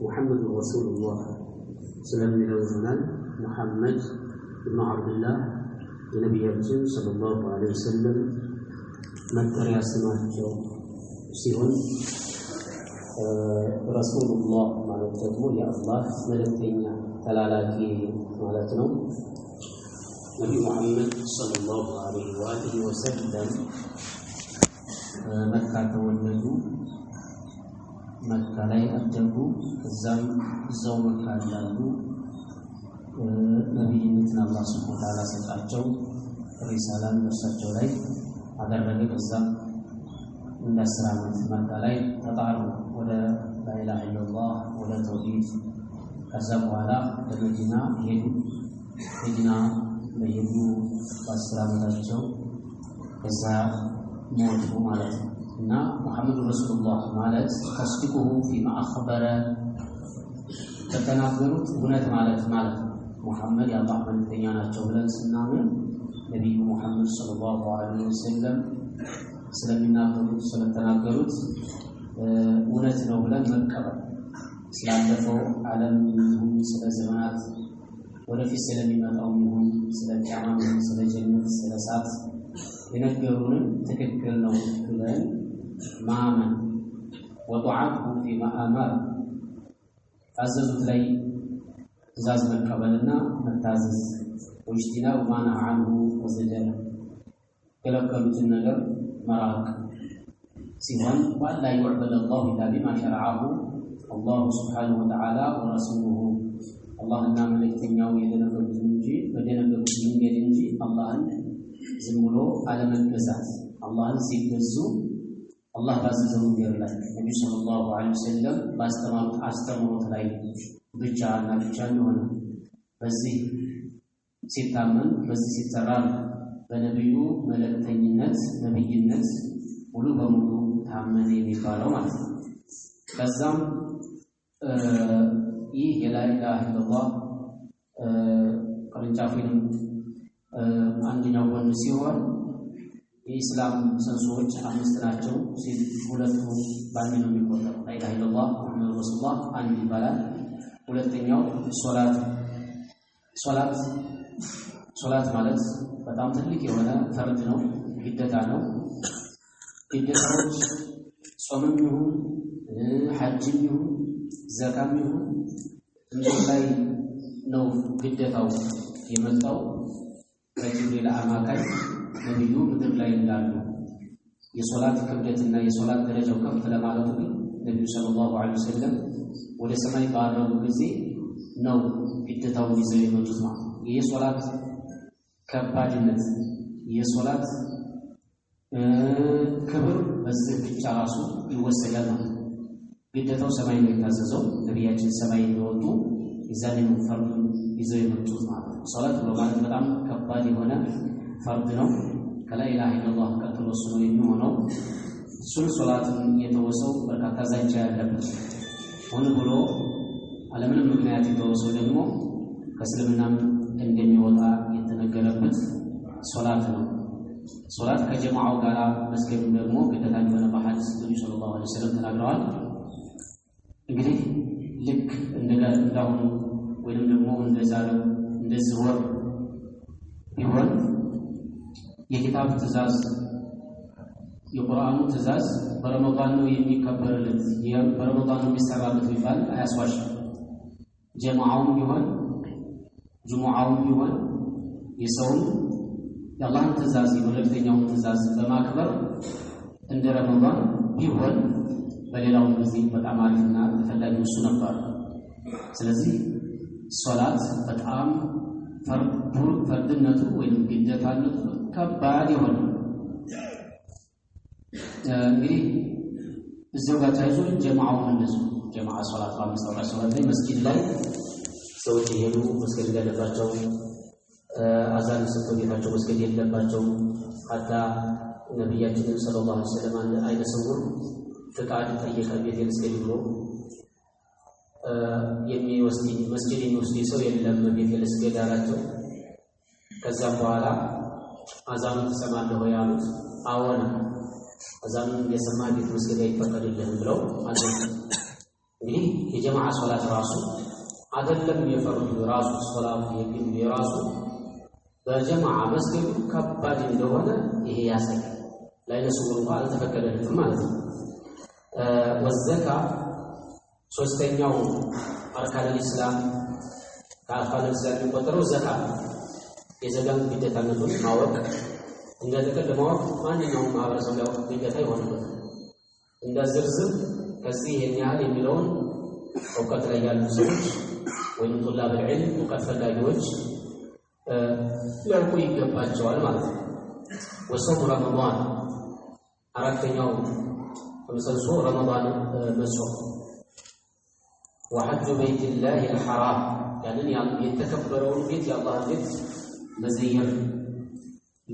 محمد رسول الله سلام من الزمان محمد بن عبد الله النبي الرسول صلى الله عليه وسلم ما ترى سمعت سيون آه، رسول الله ما لقته يا الله ما لقيني تلالك ما نبي محمد صلى الله عليه وآله وسلم آه، مكة ومن መካ ላይ አደጉ። እዛም እዛው መካ እንዳሉ ነቢይነትን አላህ ሱብሓነሁ ወተዓላ ሰጣቸው። ሪሳላን በእርሳቸው ላይ አደረገ። ከዛም እንደ አስር ዓመት መካ ላይ ተጣሩ ወደ ላኢላሃ ኢለላህ ወደ ተውሂድ። ከዛ በኋላ በመዲና መዲና ሄዱ። መዲና በሄዱ በአስር ዓመታቸው ከዛ ሞቱ ማለት ነው። እና ሙሐመዱ ረሱሉላህ ማለት ተስዲቁሁ ፊማ አኽበረ ከተናገሩት እውነት ማለት ማለት ነው። ሙሐመድ የአላህ መልክተኛ ናቸው ብለን ስናምን ነቢዩ ሙሐመድ ሰለላሁ ዐለይሂ ወሰለም ስለሚናገሩት ስለተናገሩት እውነት ነው ብለን መቀበል ስላለፈው ዓለም ይሁን ስለ ዘመናት ወደፊት ስለሚመጣው ይሁን ስለ ቂያማ፣ ስለ ጀነት፣ ስለ እሳት የነገሩንን ትክክል ነው ብለን معنا وضعته في مآمات فززوا لي تزاز من قبلنا من تازز واجتناء معنا عنه وزجر كلكم تنجر مراك سيوان وأن لا يعبد الله إلا بما شرعه الله سبحانه وتعالى ورسوله الله نعم لك تنياو يدنا فرزنجي ودنا فرزنجي الله زملو على من كزاز الله سيكزو አላህ ባዘዘው ነገር ላይ ነቢዩ ሰለላሁ ዐለይሂ ወሰለም ባስተማሩት አስተምሮት ላይ ብቻ እና ብቻ እንደሆነ በዚህ ሲታመን በዚህ ሲጠራር በነቢዩ መለክተኝነት ነቢይነት ሙሉ በሙሉ ታመነ የሚባለው ማለት ነው። ከዛም ይህ የላኢላሃ ኢለላህ ቅርንጫፍ ወይም አንደኛው ጎን ሲሆን የኢስላም ምሰሶዎች አምስት ናቸው ሲል ሁለቱ በአንድ ነው የሚቆጠሩ። ላኢላሃ ኢለላህ ሙሐመድ ረሱሉላህ አንድ ይባላል። ሁለተኛው ሶላት ሶላት ሶላት ማለት በጣም ትልቅ የሆነ ፈርድ ነው፣ ግደታ ነው። ግዴታዎች ጾምም ይሁን ሐጅም ይሁን ዘካም ይሁን እንዲህ ላይ ነው ግደታው የመጣው በጅብሪል አማካኝ። የሶላት ክብደትና የሶላት ደረጃው ከፍ ለማለቱ ግን ነቢዩ ሰለላሁ ዐለይሂ ወሰለም ወደ ሰማይ ባረሩ ጊዜ ነው ግዴታውን ይዘው የመጡት ማለት ነው። የሶላት ከባድነት የሶላት ክብር በዚህ ብቻ ራሱ ይወሰዳል ማለት ነው። ግዴታው ሰማይ ነው የታዘዘው። ነቢያችን ሰማይ እንደወጡ የዛኔ ፈርዱን ይዘው የመጡት ማለት ነው። ሶላት በማለት በጣም ከባድ የሆነ ፈርድ ነው። ከላኢላሃ ኢለላህ ቀጥሎ ነው የሚሆነው። እሱን ሶላትን የተወሰው በርካታ ዛቻ ያለበት ሆን ብሎ አለምንም ምክንያት የተወሰው ደግሞ ከእስልምናም እንደሚወጣ የተነገረበት ሶላት ነው። ሶላት ከጀማዓው ጋር መስገዱ ደግሞ ግዴታ እንደሆነ በሐዲስ ነቢዩ ሰለላሁ ዐለይሂ ወሰለም ተናግረዋል። እንግዲህ ልክ እንዳሁኑ ወይንም ደግሞ እንደዛሬው እንደዚህ ወር ቢሆን የኪታብ ትእዛዝ የቁርአኑ ትእዛዝ በረመዳን ነው የሚከበርለት በረመዳን ነው የሚሰራለት ይባል አያስዋሽ ጀማዓውም ቢሆን ጅሙዓውም ቢሆን የሰውን የአላህን ትእዛዝ የመልእክተኛውን ትእዛዝ በማክበር እንደ ረመዳን ቢሆን በሌላው ጊዜ በጣም አሪፍና ተፈላጊ እሱ ነበር። ስለዚህ ሶላት በጣም ፈርድነቱ ወይም ግዴታነቱ ከባድ የሆነ እንግዲህ እዚው ጋር ተያይዞ ጀማዓው መነሱ ጀማዓ ሶላት በአምስት ወቃት ሶላት ላይ መስጊድ ላይ ሰዎች የሄዱ መስገድ ያለባቸው አዛን ሰጥተው ጌታቸው መስገድ የለባቸው ሀታ ነቢያችንን ሰለላሁ ዐለይሂ ወሰለም አይነ ስውር ፍቃድ ጠየቀ ቤት የመስገድ ብሎ የሚወስድ መስጊድ የሚወስድ ሰው የለም ቤት ልስገድ አላቸው። ከዛም በኋላ አዛኑ ትሰማለህ ወይ አሉት። አዎን አዛኑን የሰማ ቤት መስገድ አይፈቀድልህም ብለው አዘ እንግዲህ የጀማዓ ሶላት ራሱ አይደለም የፈርዱ ራሱ ሶላቱ የግን የራሱ በጀማዓ መስገዱ ከባድ እንደሆነ ይሄ ያሳያል። ላይነሱ ስውር አልተፈቀደልትም ማለት ነው። ወዘካ ሶስተኛው አርካን ኢስላም ከአርካን ኢስላም የሚቆጠረው ዘካ የዘጋን ግዴታነቱን ማወቅ እንደ ጥቅል ማወቅ ማንኛውም ማህበረሰብ ሊያወቅ ግዴታ ይሆንበታል። እንደ ዝርዝር ከዚህ ይሄን ያህል የሚለውን እውቀት ላይ ያሉ ሰዎች ወይም ጡላብ ልዕልም እውቀት ፈላጊዎች ሊያውቁ ይገባቸዋል ማለት ነው። ወሰሙ ረመዳን አራተኛው ተመሰልሶ ረመዳን መጾም ወሐጁ በይትላህ አልሐራም ያንን የተከበረውን ቤት የአላህን ቤት መዘየር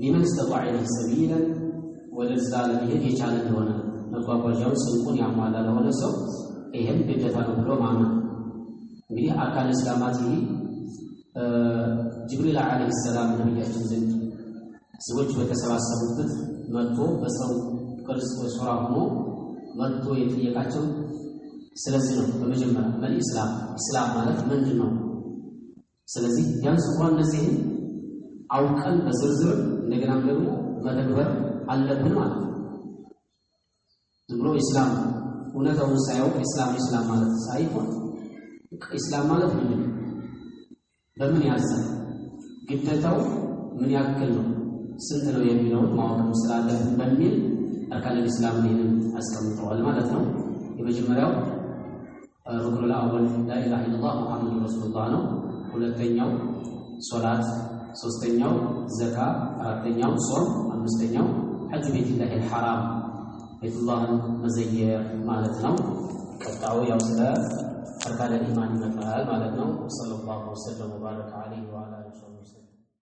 ሊመን ስተጣዕ ኢለይሂ ሰቢላን ወደዛ ለመሄድ የቻለ ለሆነ መጓጓዣውን ስንቁን ያሟላ ለሆነ ሰው ይህም ግዴታ ነው ብሎ ማመን። እንግዲህ አካል እስላማት ይህ ጅብሪል ዓለይሂ ሰላም ነቢያችን ዘንድ ሰዎች በተሰባሰቡበት መጥቶ በሰው ቅርጽ ሱራ ሆኖ መጥቶ የጠየቃቸው ስለዚህ ነው በመጀመሪያ በልእስላም ኢስላም ማለት ምንድን ነው? ስለዚህ ቢያንስ እንኳን እነዚህን አውቀን በዝርዝር እንደገናም ደግሞ መተግበር አለብን ማለት ነው። ዝም ብሎ ኢስላም እውነታውን ሳያውቅ ኢስላም ኢስላም ማለት ሳይሆን ኢስላም ማለት ምንድን ነው? በምን ያዘን ግዴታው ምን ያክል ነው? ስንት ነው የሚለውን ማወቅ ስላለብን በሚል አርካን ኢስላም ይህንን አስቀምጠዋል ማለት ነው የመጀመሪያው ሩክኑል አወል ላኢላሃ ኢለላህ ሙሐመድ ረሱሉላህ ነው። ሁለተኛው ሶላት፣ ሶስተኛው ዘካ፣ አራተኛው ጾም፣ አምስተኛው ሐጅ ቤትላህ ልሐራም ቤቱላህን መዘየር ማለት ነው። ቀጣው ያው ስለ አርካን ኢማን ይመጣል ማለት ነው። ሰለላሁ ወሰለም ወባረከ አለይሂ ወዓላ